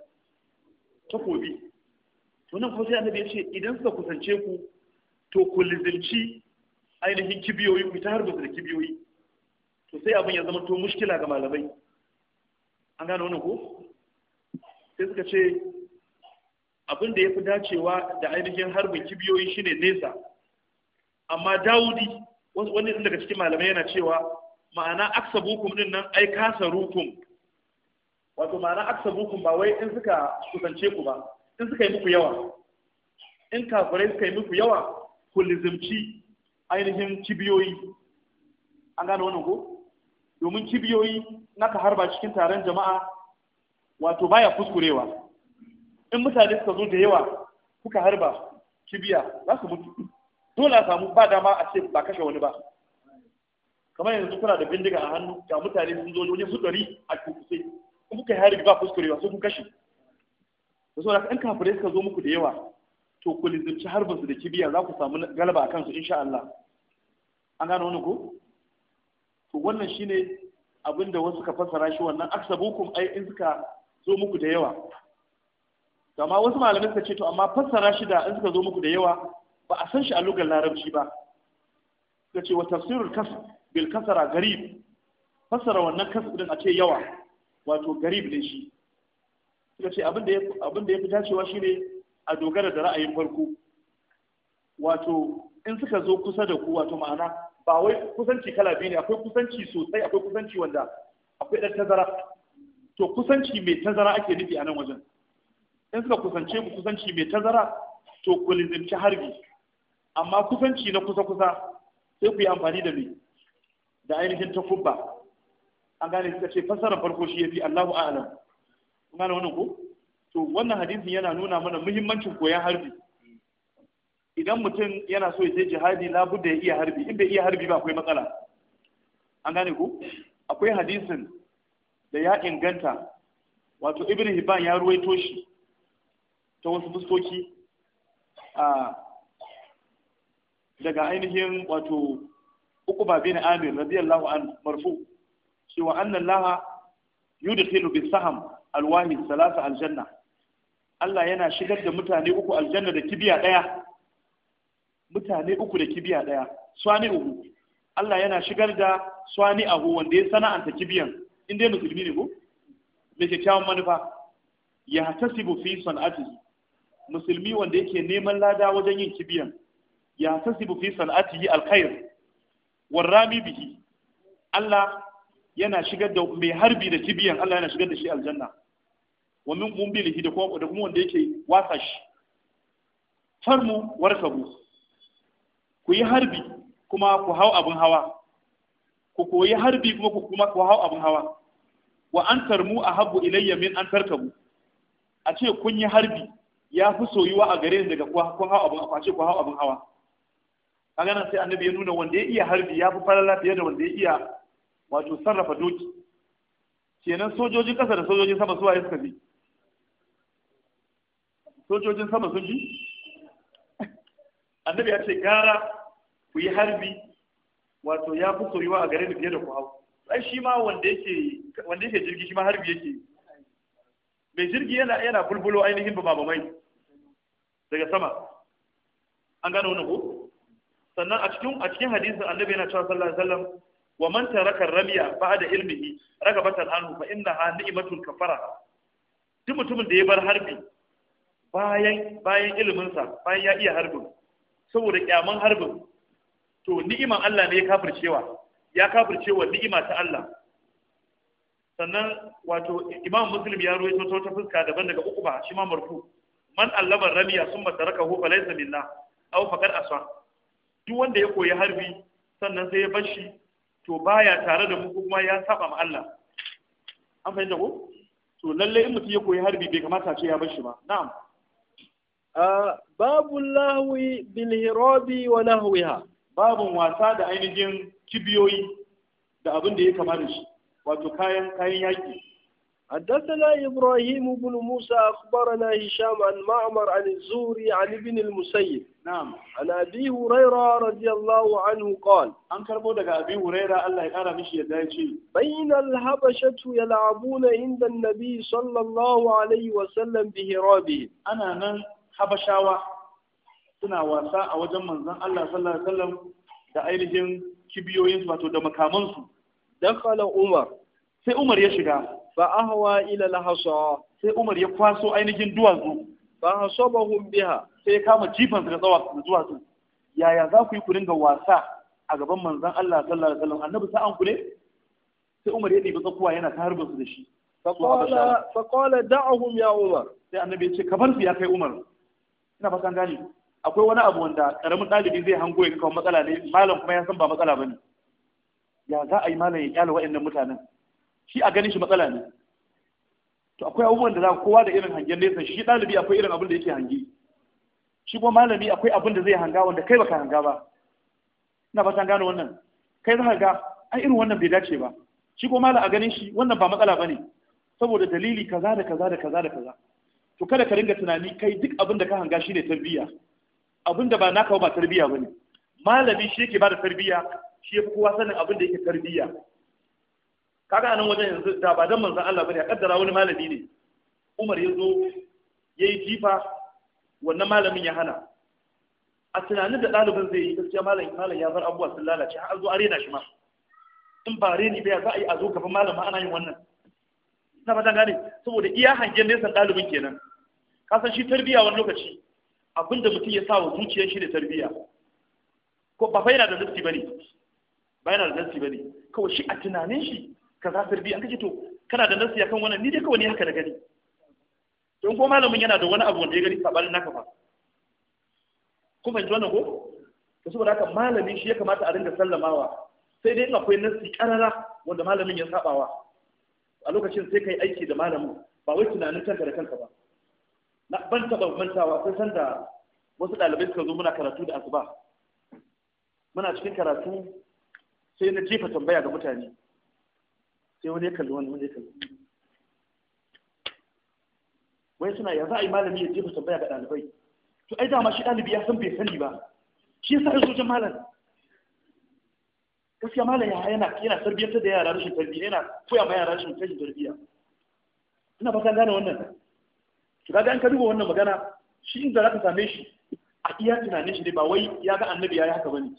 takobi to nan kuma sai annabi ya ce idan suka kusance ku to ku lizilci ainihin kibiyoyi ku ta harbi da kibiyoyi to sai abin ya zama to mushkila ga malamai an gane wannan ko sai suka ce abin da ya fi dacewa da ainihin harbin kibiyoyi shine nesa amma dawudi wani daga cikin malamai yana cewa ma'ana aksabukum din nan ai kasarukum wato ma'ana aksabukum ba wai in suka kusance ku ba in suka yi muku yawa in kafirai suka yi muku yawa ku lizimci ainihin kibiyoyi an gane wannan ko domin kibiyoyi ka harba cikin taron jama'a wato baya kuskurewa in mutane suka zo da yawa kuka harba kibiya za su mutu dole a samu ba dama a ce ba kashe wani ba kamar yanzu kuna da bindiga a hannu ga mutane sun zo wajen su ɗari a kurkusa kun kuka hari ba fuskurewa sai kun kashe da saboda ɗan kafirai suka zo muku da yawa to ku lizimci harbin su da kibiya za ku samu galaba a kansu insha Allah an gane wani ko to wannan shine abinda wasu ka fassara shi wannan aksabukum ai in suka zo muku da yawa amma wasu malamai suka ce to amma fassara shi da in suka zo muku da yawa ba a san shi a lugar larabci ba suka ce wa tafsirul kasr bil kasara garib fasara wannan kasb din a ce yawa wato garib ne shi suka ce abin da ya abin da fi dacewa shine a dogara da ra'ayin farko wato in suka zo kusa da ku wato ma'ana ba wai kusanci kala biyu ne akwai kusanci sosai akwai kusanci wanda akwai ɗan tazara to kusanci mai tazara ake nufi a nan wajen in suka kusance ku kusanci mai tazara to ku lizinci harbi amma kusanci na kusa-kusa sai ku yi amfani da mai da ainihin takubba an gane suka ce fasara farko shi fi Allahu a'lam kun gane wannan ko to wannan hadisin yana nuna mana muhimmancin koyan harbi idan mutum yana so ya je jihadi labudda ya iya harbi in bai iya harbi ba akwai matsala an gane ko akwai hadisin da ya inganta wato ibn hibban ya ruwaito shi ta wasu fuskoki a daga ainihin wato uku ba bin amir radiyallahu anhu marfu wa anna laha yudkhilu bi saham alwahid salasa aljanna Allah yana shigar da mutane uku aljanna da kibiya daya mutane uku da kibiya daya swani uku Allah yana shigar da swani abu wanda ya sana'anta kibiyan in dai musulmi ne ko ke kyakkyawan manufa ya tasibu fi san'atihi musulmi wanda yake neman lada wajen yin kibiyan ya tasibu fi san'atihi alkhair warrami bihi Allah yana shigar da mai harbi da kibiyan Allah yana shigar da shi aljanna wa min qumbilihi da kuma da kuma wanda yake wasa shi farmu warkabu ku yi harbi kuma ku hau abin hawa ku koyi harbi kuma ku kuma ku hau abin hawa wa an tarmu ahabbu ilayya min an tarkabu a ce kun yi harbi ya fi soyuwa a gare daga kun hau hawa a ce ku hau abin hawa kaga nan sai annabi ya nuna wanda ya iya harbi ya fi falala fiye da wanda ya iya wato sarrafa doki kenan sojojin ƙasa da sojojin sama suwaye suka bi sojojin sama sun ji annabi ya ce gara ku yi harbi wato ya fi soyuwa a gare ni fiye da ku hau ai shi ma wanda yake wanda yake jirgi shi ma harbi yake mai jirgi yana yana bulbulo ainihin ba mai daga sama an gano wani ko sannan a cikin a cikin hadisin annabi yana cewa sallallahu alaihi wasallam wa man taraka ramiya ba'da ilmihi ragabatan anhu fa innaha ni'matun kafara duk mutumin da ya bar harbi bayan bayan ilmin sa bayan ya iya harbin saboda kyaman harbin to ni'iman Allah ne ya kafircewa ya kafircewa ni'ima ta Allah sannan wato imam muslim ya ruwaito ta wata fuska daban daga uku ba shi ma marfu man allama ramiya summa tarakahu fa laysa minna aw faqad aswa duk wanda ya koyi harbi sannan sai ya bar shi to baya tare da mu kuma ya saba ma Allah an fahimta ko to lalle in mutum ya koyi harbi bai kamata ce ya bar shi ba na'am Babu lahwi bil hirabi wa nahwiha babun wasa da ainihin kibiyoyi da abin da ya kama da shi wato kayan kayan yaki حدثنا إبراهيم بن موسى أخبرنا هشام عن معمر عن الزهري عن ابن المسيب نعم عن أبي هريرة رضي الله عنه قال عن كربودك أبي هريرة الله يقرأ مشي يدايشي بين الهبشة يلعبون عند النبي صلى الله عليه وسلم بهرابه أنا نن هبشاوة suna wasa a wajen manzon Allah sallallahu alaihi wasallam da ainihin kibiyoyinsu wato da makamansu dakhala Umar sai Umar ya shiga fa ahwa ila lahasa sai Umar ya kwaso ainihin duwatsu Ba fa hasabahum biha sai ya kama jifan da tsawa duwatsu yaya za ku yi ku dinga wasa a gaban manzon Allah sallallahu alaihi wasallam annabi sa an kule? sai Umar ya ɗibi tsakuwa yana tarbin su da shi fa qala da'ahum ya Umar sai annabi ya ce ka bar su ya kai Umar ina fatan gani akwai wani abu wanda karamin ɗalibi zai hango ya kawo matsala ne malam kuma ya san ba matsala bane ya za a yi malam ya kyale wa'annan mutanen shi a ganin shi matsala ne to akwai abubuwan da za kowa da irin hangen nesa shi ɗalibi akwai irin abin da yake hangi shi kuma malami akwai abin da zai hanga wanda kai baka hanga ba ina ba san gane wannan kai za ka ga ai irin wannan bai dace ba shi kuma malam a ganin shi wannan ba matsala bane saboda dalili kaza da kaza da kaza da kaza to kada ka ringa tunani kai duk abin da ka hanga shi ne tarbiyya abin da ba naka ba tarbiyya bane malami shi yake ba da tarbiyya shi fi kowa sanin abin da yake tarbiyya kaga nan wajen yanzu da ba dan manzon Allah bane a kaddara wani malami ne Umar ya zo yayi jifa wannan malamin ya hana a tunanin da ɗalibin zai yi gaskiya malam malam ya bar abubuwa sun lalace har zo arena shi ma in ba reni ba za a yi a zo gaban malam ana yin wannan Na fatan gane saboda iya hangen nesan ɗalibin kenan ka san shi tarbiya wani lokaci abinda mutum ya sa wa zuciyar shi da tarbiya ko ba fa yana da nafsi bane ba yana da nafsi bane kawai shi a tunanin shi kaza sirbi an kace to kana da nasiya kan wannan ni dai kawai ne haka da gani don ko malamin yana da wani abu wanda ya gani sabanin naka ba kuma in ji wannan ko to saboda haka malami shi ya kamata a ringa sallamawa sai dai in akwai nasi karara wanda malamin ya sabawa a lokacin sai kai aiki da malamin ba wai tunanin kanka da kanka ba na ban taba mantawa sai da wasu ɗalibai suka zo muna karatu da asuba muna cikin karatu sai na jefa tambaya ga mutane sai wani ya kalli wani wani ya kalli wai suna ya za a yi malami ya jefa tambaya ga ɗalibai to ai dama shi ɗalibi ya san bai sani ba shi yasa ya sojan malam gaskiya malam ya yana yana tarbiyyantar da yara rashin tarbiyya yana koya ma yara rashin rashin tarbiyya ina ba san gane wannan to kaga an ka duba wannan magana shi inda za ka same shi a iya tunanin shi ne ba wai ya ga annabi ya yi haka ba ne.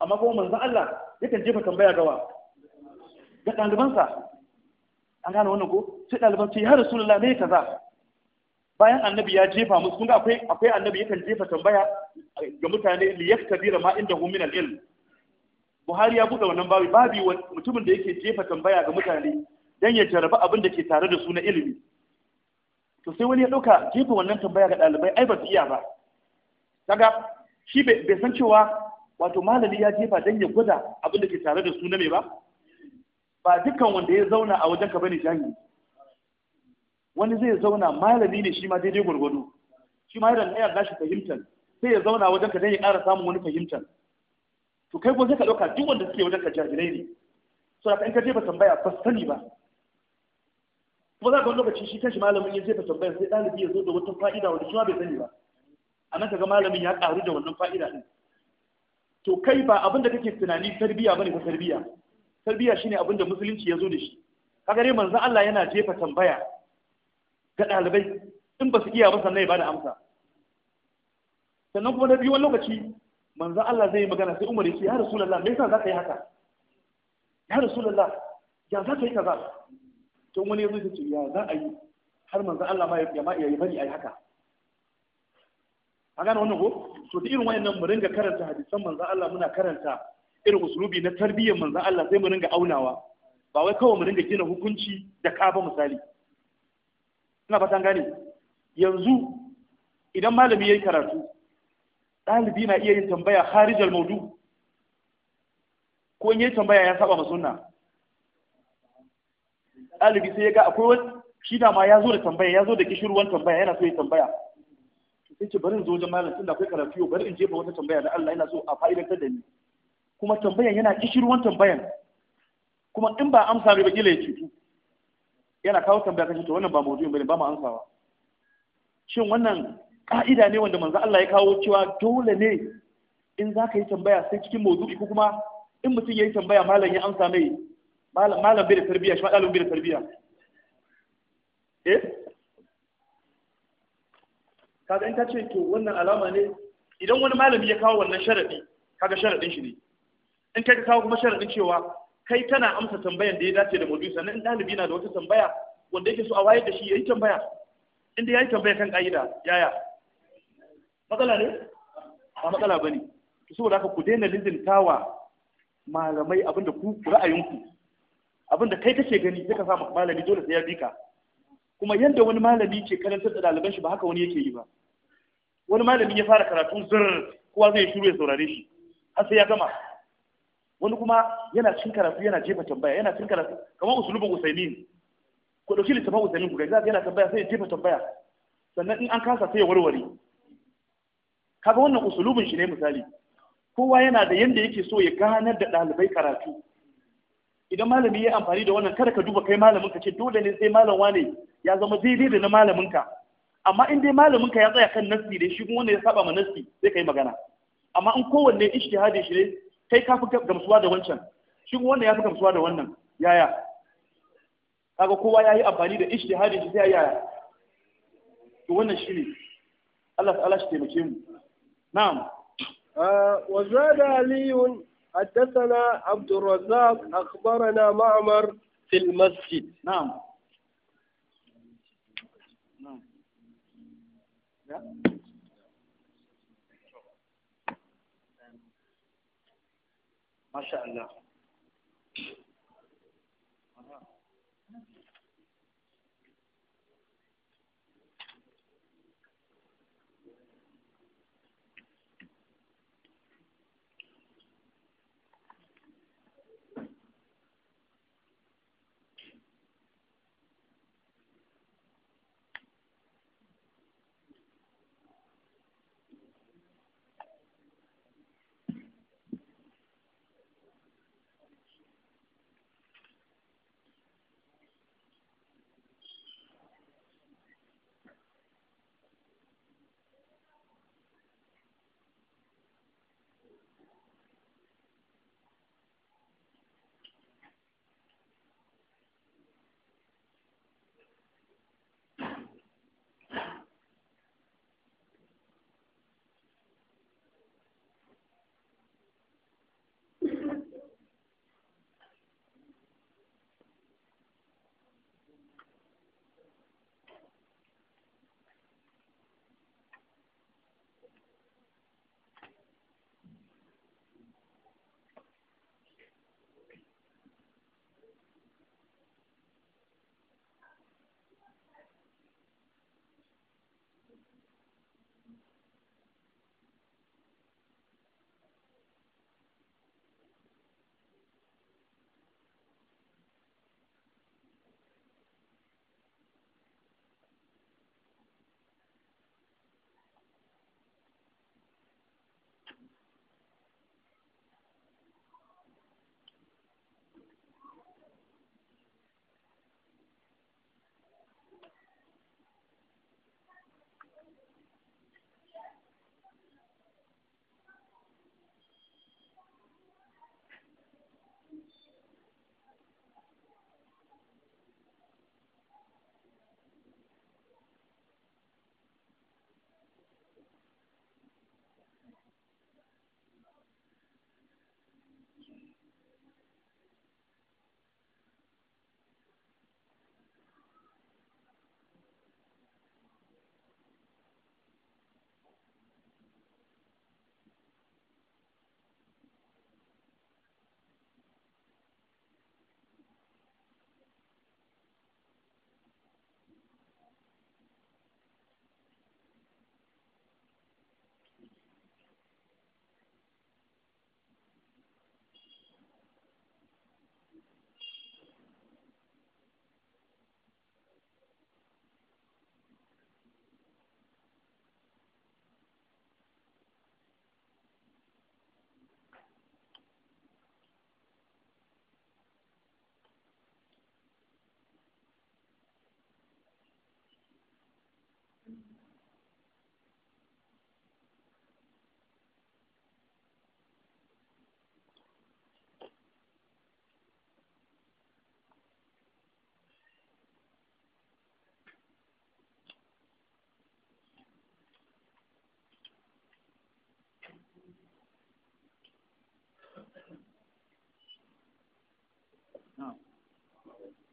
amma kuma manzon Allah yakan jefa tambaya gawa ga ɗalibansa an gane wannan ko sai ɗaliban ce ya rasulullah ne kaza bayan annabi ya jefa musu kun ga akwai akwai annabi yakan jefa tambaya ga mutane li yaktabira ma inda min al ilm buhari ya buɗe wannan babi babi mutumin da yake jefa tambaya ga mutane dan ya jarabi abin da ke tare da su na ilimi to sai wani ya ɗauka jefa wannan tambaya ga ɗalibai ai ba su iya ba kaga shi bai san cewa wato malami ya jefa dan ya gwada abin da ke tare da su na me ba ba dukkan wanda ya zauna a wajen ka bane jahili wani zai zauna malami ne shi ma daidai gwargwado shi ma yana yana gashi fahimtar sai ya zauna wajen ka dan ya ƙara samun wani fahimtar to kai ko sai ka ɗauka duk wanda suke wajen ka jahilai ne so in ka je ba tambaya ba sani ba kuma za ka wani lokaci shi kanshi malamin ya je ba tambaya sai ɗalibi ya zo da wata fa'ida wanda shi ma bai sani ba a nan ga malamin ya ƙaru da wannan fa'ida ɗin to kai ba abin da kake tunani tarbiya bane ka tarbiya tarbiya shine abin da musulunci ya zo da shi kaga dai manzo Allah yana jefa tambaya ga ɗalibai in ba su iya ba sannan ya bada amsa sannan kuma da biyu wani lokaci manzo Allah zai yi magana sai Umar ya ce ya Rasulullah me yasa za ka yi haka ya Rasulullah ya za ka yi kaza to wani ya zo ya ce ya za a yi har manzo Allah ma ya ma iya bari ai haka a wannan ko to irin wayannan mu ringa karanta hadisan manzo Allah muna karanta irin usulubi na tarbiyyar manzan Allah sai mu ringa aunawa ba wai kawai mu ringa gina hukunci da ka ba misali ina fatan gane yanzu idan malami yayi karatu ɗalibi na iya yin tambaya harijal maudu ko in yi tambaya ya saba masunna. ɗalibi sai ya ga akwai wani shi da ma ya zo da tambaya ya zo da kishirwan tambaya yana so ya tambaya sai ce bari in zo wajen malam tunda akwai karatu bari in jefa wata tambaya da Allah yana so a fa'idantar da ni kuma tambayan yana kishirwan tambayan kuma in ba amsa ba, bakila ya cutu yana kawo tambaya kashi to wannan ba maudu'in bane ba mu amsawa shin wannan ka'ida ne wanda manzo Allah ya kawo cewa dole ne in za ka yi tambaya sai cikin maudu'i ko kuma in mutum ya yi tambaya malam ya amsa mai malam bai da tarbiyya shi ma bai da tarbiyya eh kaga in ka ce to wannan alama ne idan wani malami ya kawo wannan sharadi kaga sharadin shi ne in kai ka kawo kuma sharadin cewa kai kana amsa tambayan da ya dace da maudu'i sannan in ɗalibi na da wata tambaya wanda yake so a wayar da shi yayi tambaya inda yayi tambaya kan ka'ida yaya matsala ne ba matsala bane to saboda haka ku daina lizintawa malamai abinda ku ra'ayinku abinda kai kake gani sai ka sa malami dole sai ya bi ka kuma yadda wani malami ke karantar da ɗaliban shi ba haka wani yake yi ba wani malami ya fara karatu zurr kowa zai shiru ya saurare shi har sai ya gama wani kuma yana cin karatu yana jefa tambaya yana cin karatu kamar usulubin usaimin ku ɗauki littafin usaimin ku ga yana tambaya sai ya jefa tambaya sannan in an kasa sai ya warware kaga wannan usulubin shi ne misali kowa yana da yanda yake so ya ganar da ɗalibai karatu idan malami ya amfani da wannan kada ka duba kai malamin ka ce dole ne sai malam wane ya zama daidai da na malamin ka amma in dai malamin ka ya tsaya kan nasi, da shi kuma wanda ya saba ma nasi, sai kai magana amma in kowanne ishtihadi shi ne kai ka fi gamsuwa da wancan shi wannan ya fi gamsuwa da wannan yaya kaga kowa ya yi amfani da ijtihadin shi sai yaya to wannan shi ne Allah ta'ala shi taimake mu na'am wa zada aliyun حدثنا abdurrazzaq akhbarana ma'mar fil masjid Na'am. na'am masha Allah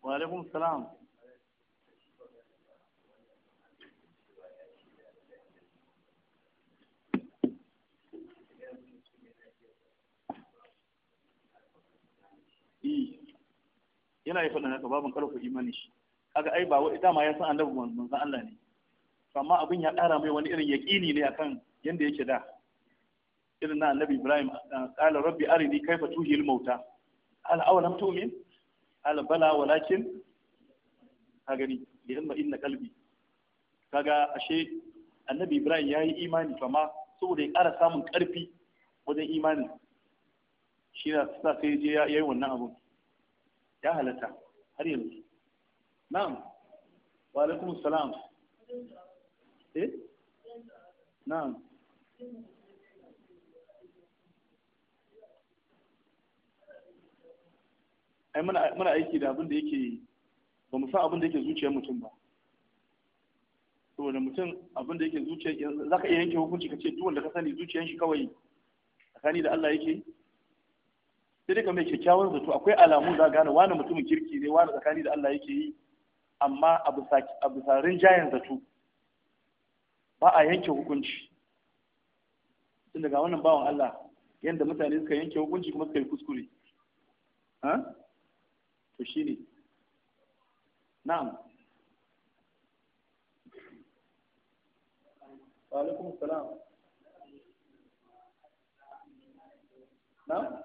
wa السلام yana yi faɗin haka babin ƙarfa imani shi kaga ai ba wai dama ya san annabi manzon Allah ne amma abin ya ƙara mai wani irin yaƙini ne akan yanda yake da irin na annabi Ibrahim qala rabbi arini kaifa tuhil mauta qala awalam tu'min albala bala walakin ka gani yamma inna kalbi. kaga ashe annabi ibrahim yayi imani fa ma saboda ya ƙara samun ƙarfi wajen imani shi na sa sai je ya yi wannan abun ya halatta har yanzu na'am wa alaikum salam eh na'am ai muna aiki da abin da yake ba mu san abin da yake zuciyar mutum ba saboda mutum abin da yake zuciyar za ka iya yanke hukunci ka ce duk wanda ka sani zuciyar shi kawai tsakani da Allah yake sai dai ka mai kyakkyawar zato akwai alamu za gane wani mutumin kirki ne wani tsakani da Allah yake yi amma a bisa rinjayen zato ba a yanke hukunci tun daga wannan bawan Allah yadda mutane suka yanke hukunci kuma suka yi kuskure to shine na'am wa salam na'am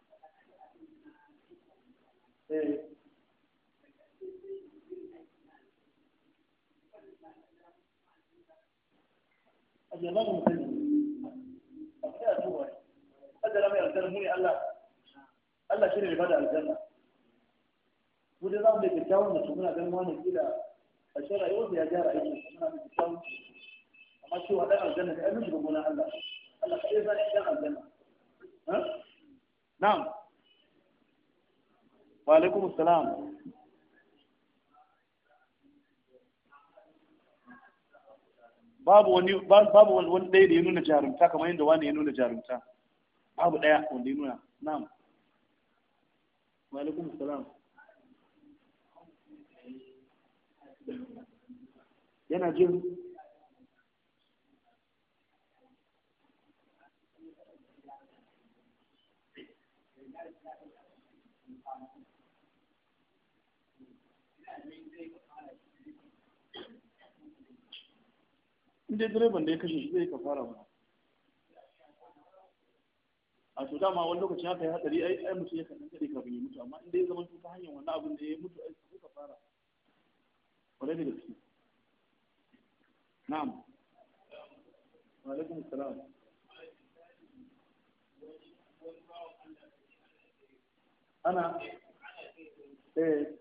Allah ba mu sani ba mu da tuwa kadara mai aljanna mu ne Allah Allah shine mai bada aljanna mu da zamu da kyakkyawan mutum muna ganin wani kila a shi rayuwar ya gyara aikin muna da kyakkyawan amma cewa dan aljanna ne ai mishi gumbuna Allah Allah kai zai dan aljanna na'am wa alaikum babu wani babu wani ɗaya da ya nuna jarumta kamar yadda wani ya nuna jarumta babu ɗaya wanda ya nuna na'am wa alaikum salam yana jin in dai direban da ya kashe shi zai kafara ba a to dama wani lokaci haka ya hadari ai ai mutum ya kan kade kafin ya mutu amma in dai zaman ta hanyar wannan abin da ya mutu ai sai kafara ne da shi na'am wa alaikum assalam ana eh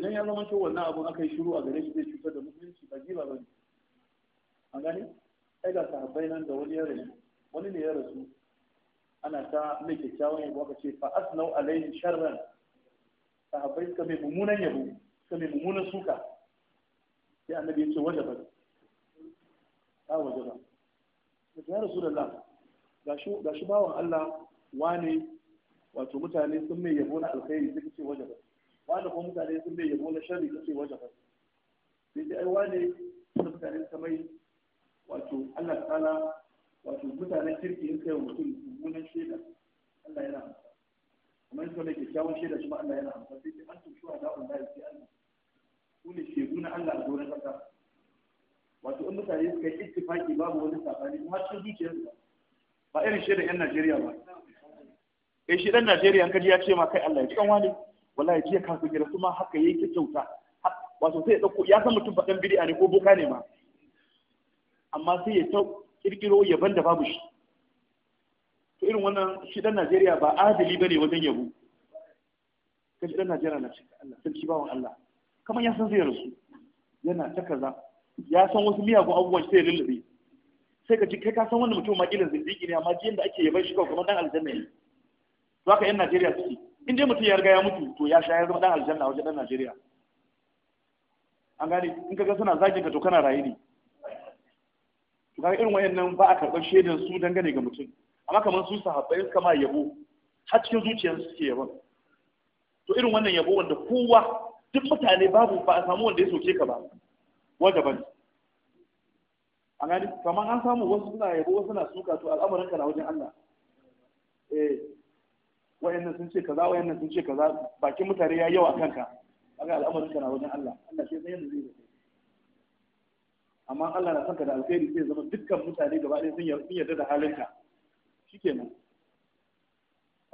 idan ya zama cewa wannan abun aka yi shiru a gare shi zai cutar da musulunci ba jiba ba ne a gani ai ga sahabbai nan da wani yare wani ne ya rasu ana ta mai kyakkyawan yabo aka ce fa asnau alaihi sharran sahabbai suka mai mummunan yabo suka mai mummunan suka sai annabi ya ce waje ba ta ah, waje ba ya rasu da Allah shi bawan Allah wane wato mutane sun mai yabo na alkhairi suka ce waje ba wanda kuma mutane sun bai yabo na shari'a kace waje ba sai dai wane da mutane mai wato Allah ta'ala wato mutanen kirki in kai mutum mummunan shaida Allah yana amsa kamar yadda ne kyakkyawan shaida shi Allah yana amsa sai dai an shuwa da Allah ya ce Allah su ne shegu na Allah a doron kasa wato in mutane suka yi ittifaki babu wani sabani kuma cikin zuciyarsu ba irin shaidan yan Najeriya ba eh shi ɗan Najeriya kaji ya ce ma kai Allah ya ci kan wani wallahi jiya kafin ya kuma ma haka yayi ta kyauta wato sai ya dauko ya san mutum faɗin biri'a ne ko boka ne ma amma sai ya ta kirkiro yaban da babu shi to irin wannan shi dan Najeriya ba adali bane wajen yabo kashi dan Najeriya na cikin Allah shi bawan Allah kamar ya san zai rasu yana ta kaza ya san wasu miyagun abubuwan sai ya lullube sai ka ji kai ka san wannan mutum ma kila zindigi ne amma jiyan da ake yaban shi kawai kamar dan aljanna ne to haka yan Najeriya suke in dai mutum ya riga ya mutu to ya sha ya zama dan aljanna wajen dan Najeriya an gane in kaga suna zagin ka to kana rayu ne to kaga irin wayannan ba a karɓar shaidan su dangane ga mutum amma kamar su sahabbai suka ma yabo har cikin zuciyarsu suke yabon to irin wannan yabo wanda kowa duk mutane babu ba a samu wanda ya soke ka ba wanda ba a gani kamar an samu wasu suna yabo wasu suna suka to al'amarin ka na wajen Allah eh wayannan sun ce kaza wayannan sun ce kaza bakin mutane ya yawa kanka kaga al'amarin kana wajen Allah Allah sai san yadda zai yi amma Allah na sanka da alkhairi sai zama dukkan mutane gaba ɗaya sun yarda da halinka shikenan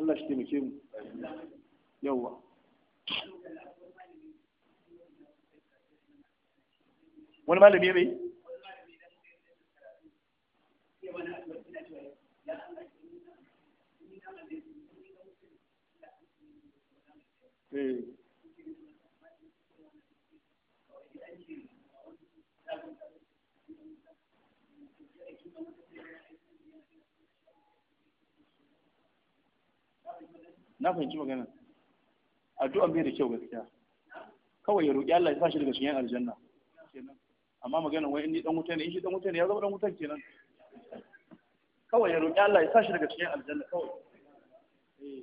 Allah shi taimake mu yawa wani malami ya bai na fahimci magana addu'an bai da kyau gaskiya kawai ya roƙi Allah ya sa shi daga cikin aljanna amma magana wai ni dan wuta ne shi dan wuta ne ya zama dan wutan kenan kawai ya roƙi Allah ya sa shi daga cikin aljanna kawai eh.